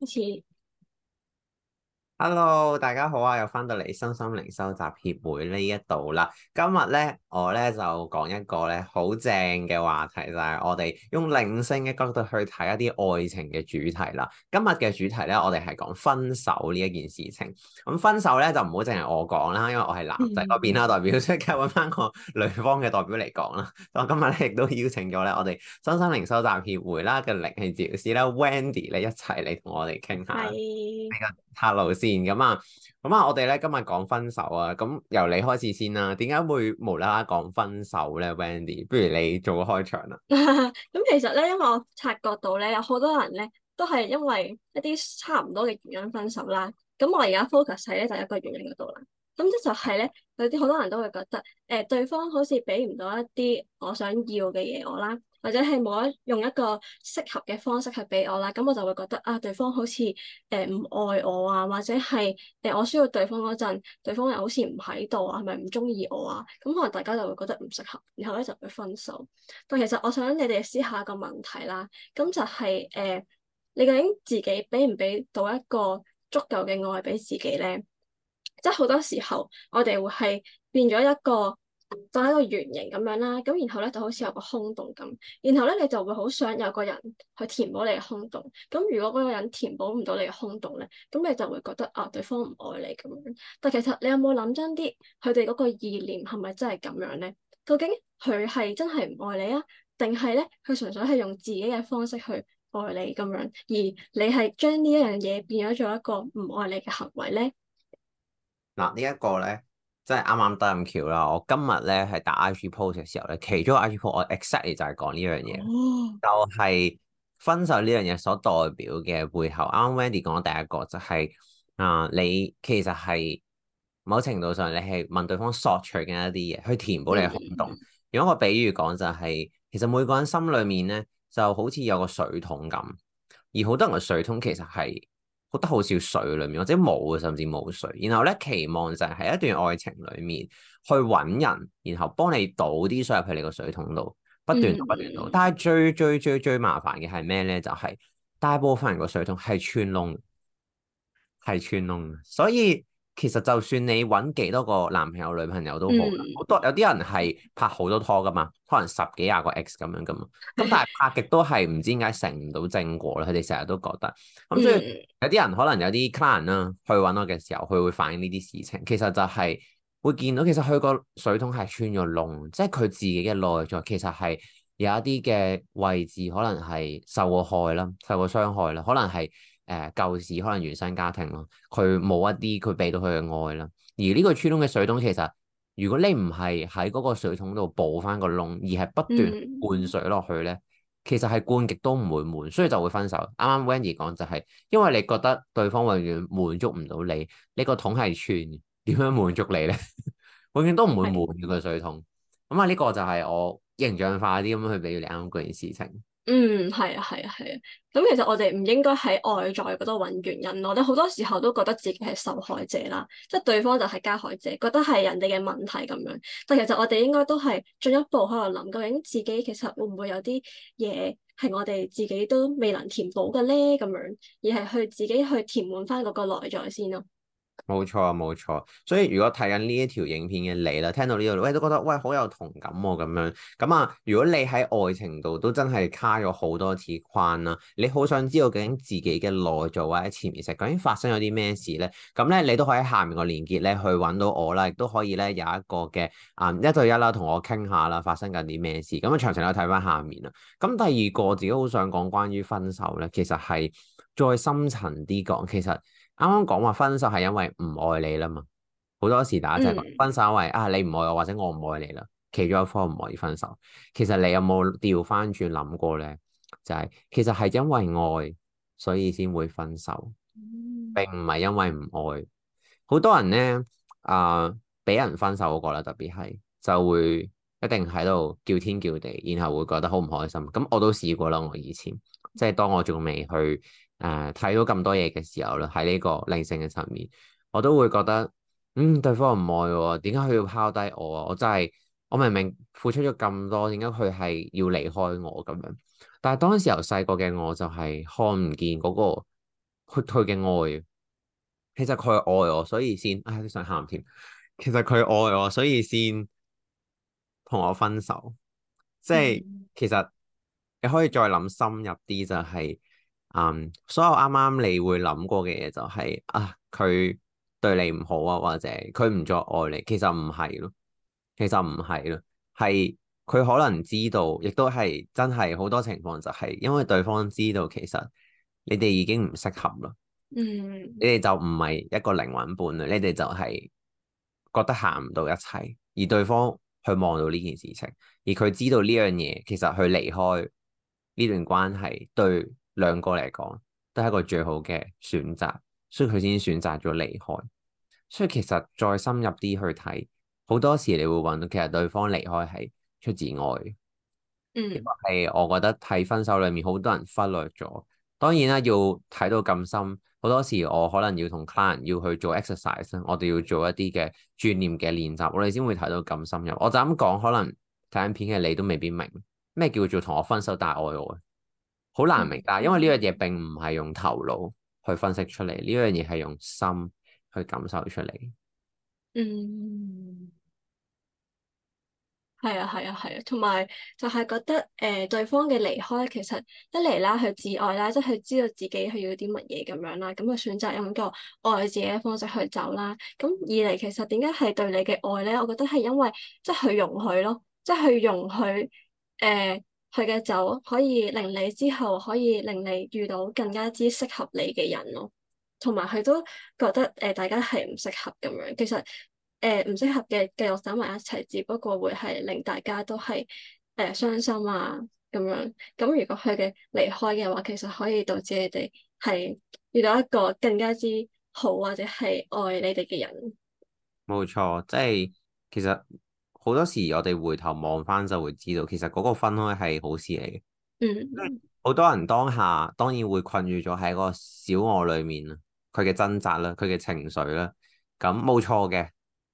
一起。Hello，大家好啊，又翻到嚟身心靈修習協會呢一度啦。今日咧，我咧就講一個咧好正嘅話題，就係、是、我哋用靈性嘅角度去睇一啲愛情嘅主題啦。今日嘅主題咧，我哋係講分手呢一件事情。咁分手咧就唔好淨係我講啦，因為我係男仔嗰邊啦， 代表即刻搵翻個女方嘅代表嚟講啦。我 今日咧亦都邀請咗咧我哋身心靈修習協會啦嘅靈氣治療師啦 Wendy，一聊聊 Hi. 你一齊嚟同我哋傾下。係。阿嘅嘛，咁啊,啊，我哋咧今日講分手啊，咁由你開始先啦、啊。點解會無啦啦講分手咧 Wendy 不如你做個開場啦。咁 其實咧，因為我察覺到咧，有好多人咧都係因為一啲差唔多嘅原因分手啦。咁我而家 focus 喺咧就係、一個原因嗰度啦。咁即就係咧。有啲好多人都會覺得，誒、呃、對方好似俾唔到一啲我想要嘅嘢我啦，或者係冇一用一個適合嘅方式去俾我啦，咁我就會覺得啊，對方好似誒唔愛我啊，或者係誒、呃、我需要對方嗰陣，對方又好似唔喺度啊，係咪唔中意我啊？咁可能大家就會覺得唔適合，然後咧就會分手。但其實我想你哋思考一個問題啦，咁就係、是、誒、呃、你究竟自己俾唔俾到一個足夠嘅愛俾自己咧？即係好多時候，我哋會係變咗一個，做一個圓形咁樣啦。咁然後咧，就好似有個空洞咁。然後咧，你就會好想有個人去填補你嘅空洞。咁如果嗰個人填補唔到你嘅空洞咧，咁你就會覺得啊，對方唔愛你咁樣。但其實你有冇諗真啲，佢哋嗰個意念係咪真係咁樣咧？究竟佢係真係唔愛你啊，定係咧佢純粹係用自己嘅方式去愛你咁樣，而你係將呢一樣嘢變咗做一個唔愛你嘅行為咧？嗱呢一個咧，即係啱啱得咁橋啦！我今日咧係打 IG post 嘅時候咧，其中個 IG post 我 exactly 就係講呢樣嘢，就係、是、分手呢樣嘢所代表嘅背後。啱啱 Wendy 講咗第一個就係、是、啊、呃，你其實係某程度上你係問對方索取嘅一啲嘢，去填補你嘅空洞。 用一個比喻講就係、是，其實每個人心裡面咧就好似有個水桶咁，而好多人嘅水桶其實係～覺得好少水裏面，或者冇甚至冇水。然後咧，期望就係喺一段愛情裏面去揾人，然後幫你倒啲水入去你個水桶度，不斷不斷倒。嗯、但係最最最最麻煩嘅係咩咧？就係、是、大部分人個水桶係穿窿，係穿窿，所以。其實就算你揾幾多個男朋友、女朋友都好，嗯、好多有啲人係拍好多拖噶嘛，可能十幾廿個 ex 咁樣噶嘛。咁但係拍極都係唔知點解成唔到正果啦。佢哋成日都覺得。咁所以有啲人可能有啲 client 啦，去揾我嘅時候，佢會反映呢啲事情。其實就係會見到，其實佢個水桶係穿咗窿，即係佢自己嘅內在其實係有一啲嘅位置可能係受過害啦、受過傷害啦，可能係。誒、呃、舊時可能原生家庭咯，佢冇一啲佢俾到佢嘅愛啦。而呢個穿窿嘅水桶其實，如果你唔係喺嗰個水桶度補翻個窿，而係不斷灌水落去咧，其實係灌極都唔會滿，所以就會分手。啱啱 Wendy 講就係、是、因為你覺得對方永遠滿足唔到你，你個桶係穿嘅，點樣滿足你咧？ 永遠都唔會滿住個水桶。咁啊的，呢個就係我形象化啲咁去俾你啱嗰件事情。嗯，係啊，係啊，係啊。咁其實我哋唔應該喺外在嗰度揾原因，我哋好多時候都覺得自己係受害者啦，即係對方就係加害者，覺得係人哋嘅問題咁樣。但其實我哋應該都係進一步喺度諗，究竟自己其實會唔會有啲嘢係我哋自己都未能填補嘅咧？咁樣而係去自己去填滿翻嗰個內在先咯。冇錯，冇錯。所以如果睇緊呢一條影片嘅你啦，聽到呢度，喂都覺得喂好有同感喎，啊，咁樣咁啊。如果你喺愛情度都真係卡咗好多次框啦，你好想知道究竟自己嘅內在或者潛意識究竟發生咗啲咩事咧？咁咧，你都可以喺下面個鏈接咧去搵到我啦，亦都可以咧有一個嘅啊，嗯、一對一啦，同我傾下啦，發生緊啲咩事？咁啊，詳情都睇翻下面啦。咁第二個，自己好想講關於分手咧，其實係再深層啲講，其實。啱啱講話分手係因為唔愛你啦嘛，好多時大家就係分手為，因為、嗯、啊你唔愛我或者我唔愛你啦，其中一方唔可以分手。其實你有冇調翻轉諗過咧？就係、是、其實係因為愛，所以先會分手，並唔係因為唔愛。好多人咧啊，俾、呃、人分手嗰個咧，特別係就會一定喺度叫天叫地，然後會覺得好唔開心。咁我都試過啦，我以前即係當我仲未去。誒，睇、呃、到咁多嘢嘅時候啦，喺呢個靈性嘅層面，我都會覺得，嗯，對方唔愛、哦，點解佢要拋低我啊？我真係，我明明付出咗咁多，點解佢係要離開我咁樣？但係當時由細個嘅我就係看唔見嗰、嗰個佢佢嘅愛，其實佢愛我，所以先，唉，哎，想喊添。其實佢愛我，所以先同我分手。即係其實你可以再諗深入啲、就係，就係。嗯，um, 所有啱啱你會諗過嘅嘢就係、是、啊，佢對你唔好啊，或者佢唔再愛你，其實唔係咯，其實唔係咯，係佢可能知道，亦都係真係好多情況就係因為對方知道，其實你哋已經唔適合咯，嗯，你哋就唔係一個靈魂伴侶，你哋就係覺得行唔到一齊，而對方去望到呢件事情，而佢知道呢樣嘢，其實佢離開呢段關係對。兩個嚟講都係一個最好嘅選擇，所以佢先選擇咗離開。所以其實再深入啲去睇，好多時你會揾到其實對方離開係出自愛。嗯，亦都係我覺得喺分手裡面好多人忽略咗。當然啦，要睇到咁深，好多時我可能要同 client 要去做 exercise，我哋要做一啲嘅轉念嘅練習，我哋先會睇到咁深入。我就咁講，可能睇緊片嘅你都未必明咩叫做同我分手但係愛我。好難明白，因為呢樣嘢並唔係用頭腦去分析出嚟，呢樣嘢係用心去感受出嚟。嗯，係啊，係啊，係啊，同埋就係覺得誒、呃、對方嘅離開其實一嚟啦，佢自愛啦，即係佢知道自己佢要啲乜嘢咁樣啦，咁就選擇用一個愛自己嘅方式去走啦。咁二嚟其實點解係對你嘅愛咧？我覺得係因為即係佢容許咯，即係佢容許誒。呃佢嘅就可以令你之後可以令你遇到更加之適合你嘅人咯，同埋佢都覺得誒、呃、大家係唔適合咁樣。其實誒唔適合嘅繼續走埋一齊，只不過會係令大家都係誒傷心啊咁樣。咁如果佢嘅離開嘅話，其實可以導致你哋係遇到一個更加之好或者係愛你哋嘅人。冇錯，即係其實。好多時我哋回頭望翻就會知道，其實嗰個分開係好事嚟嘅。嗯、mm-hmm，好多人當下當然會困住咗喺個小我裏面啦，佢嘅掙扎啦，佢嘅情緒啦。咁冇錯嘅，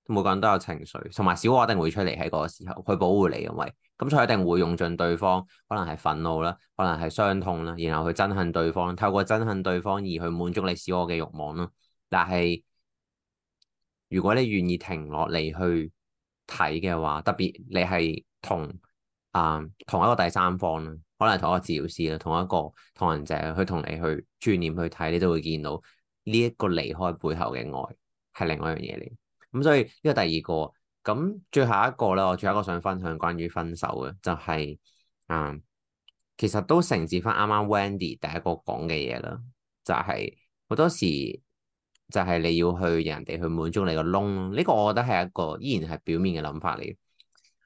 每個人都有情緒，同埋小我一定會出嚟喺嗰個時候去保護你，因為咁佢一定會用盡對方，可能係憤怒啦，可能係傷痛啦，然後去憎恨對方，透過憎恨對方而去滿足你小我嘅欲望囉。但係如果你願意停落嚟去。睇嘅話，特別你係同啊、呃、同一個第三方啦，可能同一個治療師啦，同一個同行者去同你去轉念去睇，你都會見到呢一個離開背後嘅愛係另外一樣嘢嚟。咁所以呢個第二個，咁最後一個咧，我最後一個想分享關於分手嘅，就係、是、啊、呃，其實都承接翻啱啱 Wendy 第一個講嘅嘢啦，就係、是、好多時。就係你要去人哋去滿足你個窿，呢個我覺得係一個依然係表面嘅諗法嚟。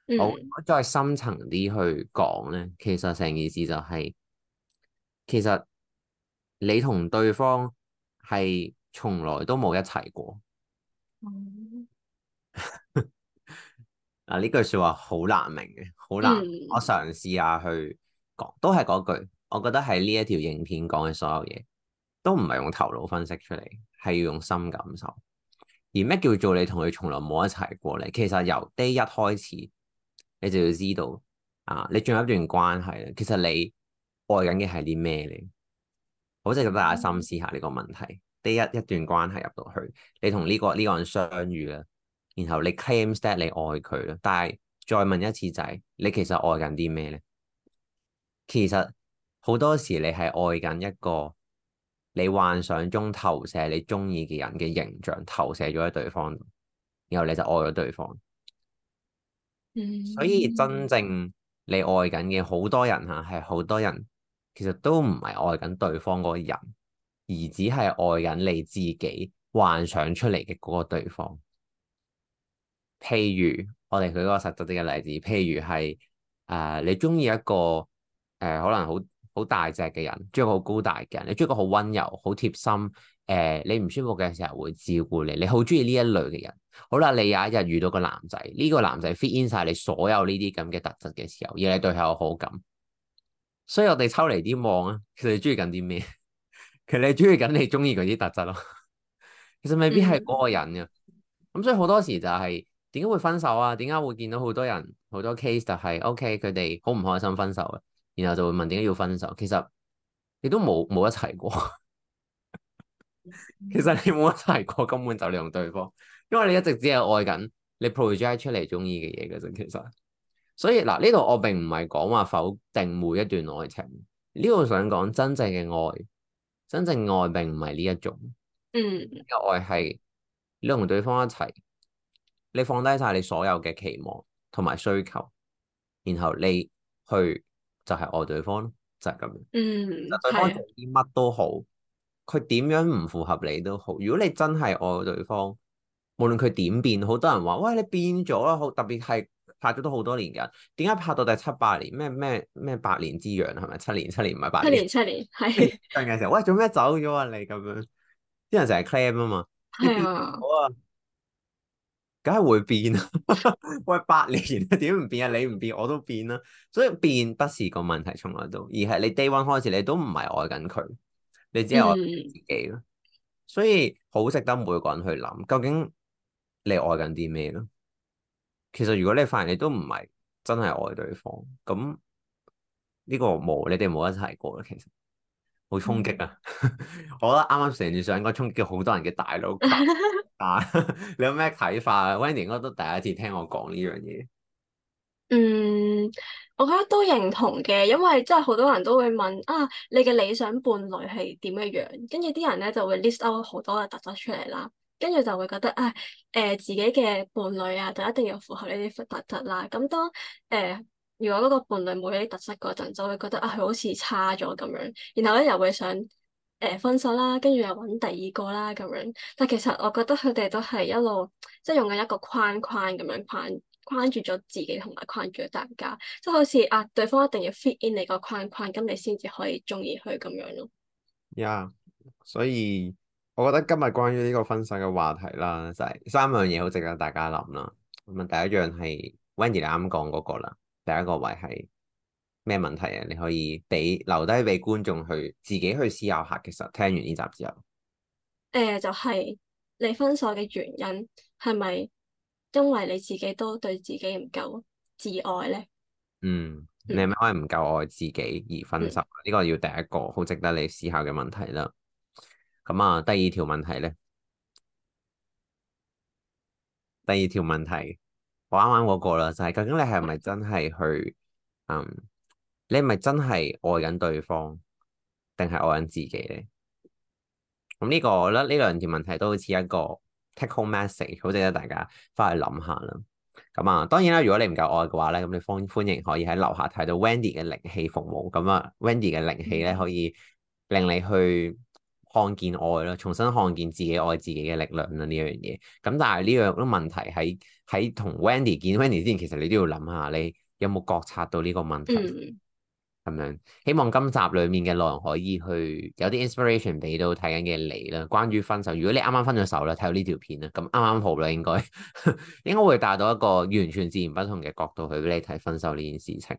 嗯、好，再深層啲去講咧，其實成件事就係，其實你同對方係從來都冇一齊過。嗱，嗯， 呢句說話好難明嘅，好難。嗯、我嘗試下去講，都係嗰句，我覺得係呢一條影片講嘅所有嘢。都唔係用頭腦分析出嚟，係要用心感受。而咩叫做你同佢從來冇一齊過咧？其實由第一開始，你就要知道啊，你仲有一段關係咧，其實你愛緊嘅係啲咩咧？好，即係大家深思下呢個問題。第一一段關係入到去，你同呢個呢個人相遇啦，然後你 claim that 你愛佢啦，但係再問一次就係，你其實愛緊啲咩咧？其實好多時你係愛緊一個。你幻想中投射你中意嘅人嘅形象，投射咗喺對方，然後你就愛咗對方。所以真正你愛緊嘅好多人吓，係好多人其實都唔係愛緊對方嗰個人，而只係愛緊你自己幻想出嚟嘅嗰個對方。譬如我哋舉嗰個實質啲嘅例子，譬如係誒、呃、你中意一個誒、呃、可能好。好大隻嘅人，中意個好高大嘅人，你中意個好溫柔、好貼心，誒、呃，你唔舒服嘅時候會照顧你，你好中意呢一類嘅人。好啦，你有一日遇到個男仔，呢、這個男仔 fit in 晒你所有呢啲咁嘅特質嘅時候，而你對佢有好感，所以我哋抽離啲望啊，其實你中意緊啲咩？其實你中意緊你中意嗰啲特質咯。 其實未必係嗰個人啊。咁所以好多時就係點解會分手啊？點解會見到好多人好多 case 就係、是、OK，佢哋好唔開心分手嘅。然後就會問點解要分手？其實你都冇冇一齊過 ，其實你冇一齊過，根本就利用對方，因為你一直只係愛緊你 project 出嚟中意嘅嘢嘅啫。其實，所以嗱呢度我並唔係講話否定每一段愛情，呢度想講真正嘅愛，真正愛並唔係呢一種。嗯，嘅愛係你同對方一齊，你放低晒你所有嘅期望同埋需求，然後你去。就係愛對方咯，就係、是、咁樣。嗯，嗱，對方做啲乜都好，佢點的樣唔符合你都好。如果你真係愛的對方，無論佢點變，好多人話：喂，你變咗啦，特別係拍咗都好多年嘅，點解拍到第七八年？咩咩咩？八年之癢係咪七年？七年唔係八年，年？七年七年係，啲人成日喂，做咩走咗啊？你咁樣，啲人成日 claim 啊嘛。係的 啊。梗係會變啦、啊， 喂，八年點唔變啊？你唔變我都變啦、啊，所以變不是個問題，從來都而係你 day one 開始你都唔係愛緊佢，你只係愛自己咯，嗯、所以好值得每個人去諗，究竟你愛緊啲咩咯？其實如果你發現你都唔係真係愛對方，咁呢個冇你哋冇一齊過啦其實。好衝擊啊！ 我覺得啱啱成件事應該衝擊好多人嘅大腦，但 你有咩睇法啊？Winnie 應該都第一次聽我講呢樣嘢。嗯，我覺得都認同嘅，因為真係好多人都會問啊，你嘅理想伴侶係點嘅樣？跟住啲人咧就會 list out 好多嘅特質出嚟，啦，跟住就會覺得啊，誒、呃、自己嘅伴侶啊就一定要符合呢啲特特質啦。咁當誒。呃如果嗰個伴侶冇一啲特色嗰陣，就會覺得啊，佢好似差咗咁樣。然後咧又會想誒、呃、分手啦，跟住又揾第二個啦咁樣。但其實我覺得佢哋都係一路即係、就是、用緊一個框框咁樣框框住咗自己同埋框住咗大家，即、就、係、是、好似啊對方一定要 fit in 你個框框，咁你先至可以鍾意佢咁樣咯。呀，yeah，所以我覺得今日關於呢個分手嘅話題啦，就係、是、三樣嘢好值得大家諗啦。咁第一樣係 Wendy 你啱講嗰個啦。第一個位係咩問題啊？你可以俾留低俾觀眾去自己去思考下。其實聽完呢集之後，誒、呃，就係、是、你分手嘅原因係咪因為你自己都對自己唔夠自愛咧？嗯，你係咪可以唔夠愛自己而分手？呢個要第一個好值得你思考嘅問題啦。咁、嗯、啊，第二條問題咧，第二條問題。玩玩嗰個啦，就係、是、究竟你係咪真係去，嗯，你係咪真係愛緊對方，定係愛緊自己咧？咁、嗯、呢、這個我覺得呢兩條問題都好似一個 technical message，好值得大家翻去諗下啦。咁、嗯、啊，當然啦，如果你唔夠愛嘅話咧，咁你歡歡迎可以喺樓下睇到 Wendy 嘅靈氣服務。咁啊，Wendy 嘅靈氣咧可以令你去。看見愛咯，重新看見自己愛自己嘅力量啦，呢樣嘢。咁但係呢樣嘅問題喺喺同 Wendy 見 Wendy 之前，其實你都要諗下，你有冇覺察到呢個問題咁樣、嗯？希望今集裡面嘅內容可以去有啲 inspiration 俾到睇緊嘅你啦。關於分手，如果你啱啱分咗手啦，睇到呢條片啦，咁啱啱好啦，應該，剛剛應該 應該會帶到一個完全自然不同嘅角度去俾你睇分手呢件事情。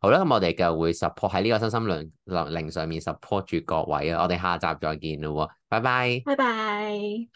好啦，咁我哋就會 support 喺呢個身心靈靈上面 support 住各位啊，我哋下集再見啦，拜拜，拜拜。